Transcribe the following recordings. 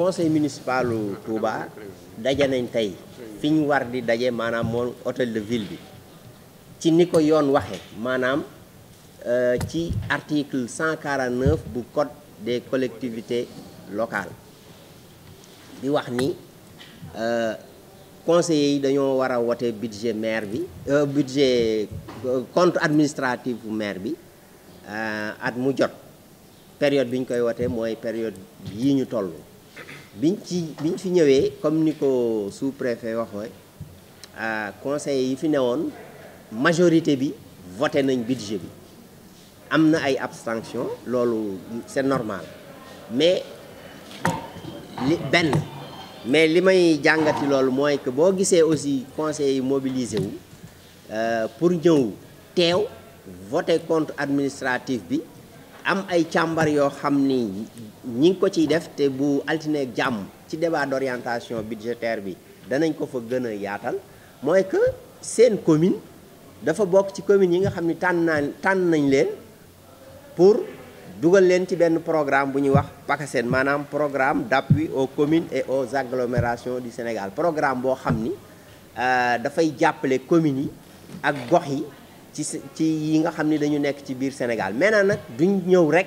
conseil municipal Touba daje nañ tey fi ñu war di daje maanaam moo hôtel de ville bi ci ni ko yoon waxe maanaam euh, ci article 149 bu code des collectivités locale bi wax ni euh, conseillers yi dañoo war a wote budget maire bi euh, budget compte administratif bu maire bi at mu jot période bi ñu koy wotee mooy période yi ñu toll biñ ci biñ fi ñëwee comme ni ko sous-préfet waxee euh, conseil yi fi ne woon majorité bi voté nañ budget bi am na ay abstention loolu c'est normal mais li benn mais li may jàngati loolu mooy que boo gisee aussi conseil yi mobilisé wu euh, pour ñëw teew voté compte administratif bi am ay càmbar yoo xam ni ñi ngi ko ciy def te bu altine jàmm ci débat d'orientation budgétaire bi danañ ko fa gën a yaatal mooy que seen commune dafa bokk ci commune yi nga xam ni tànn naa tànn nañ leen pour dugal leen ci benn programme bu ñuy wax PACASEN maanaam programme d'appui aux commune et aux agglomérations du Sénégal programme boo xam ni euh, dafay jàppale communes yi ak gox yi ci ci yi nga xam ni dañu nekk ci biir Sénégal meneen nag duñ ñëw rek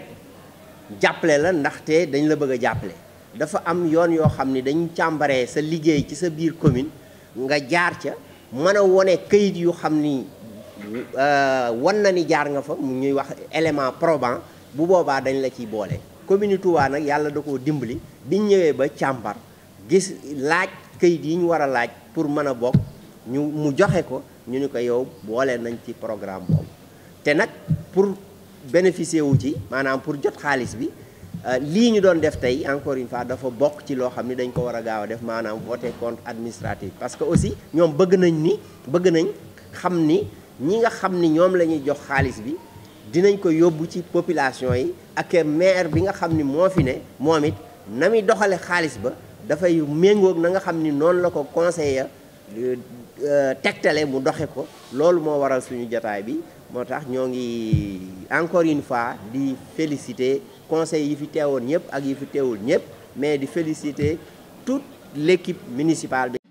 jàppale la ndaxte dañ la bëgg a jàppale dafa am yoon yoo xam ni dañu càmbaree sa liggéey ci sa biir commune nga jaar ca mën a wone kayit yu xam ni euh, wan na ni jaar nga fa mu ñuy wax élément probant bu boobaa dañ la ciy boole commune Touba nag yàlla da koo dimbali biñ ñëwee ba càmbar gis laaj kayit yi ñu war a laaj pour mën a bokk ñu mu joxe ko ñu ni ko yow boolee nañ ci programme boobu te nag pour bénéficier wu ci maanaam pour jot xaalis bi euh, lii ñu doon def tey encore une fois dafa bokk ci loo xam ni dañ ko war a gaaw a def maanaam voté compte administratif parce que aussi ñoom bëgg nañ ni bëgg nañ xam ni ñi nga xam ni ñoom la ñuy jox xaalis bi dinañ ko yóbbu ci population yi ak maire bi nga xam ni moo fi ne moom it na muy doxale xaalis ba dafay méngoog na nga xam ni noonu la ko conseiller Euh, tegtale mu doxe ko loolu moo waral suñu jataay bi moo tax ñoo ngi encore une fois di féliciter conseil yi fi teewoon ñëpp ak yi fi teewul ñëpp mais di féliciter toute l'équipe municipale bi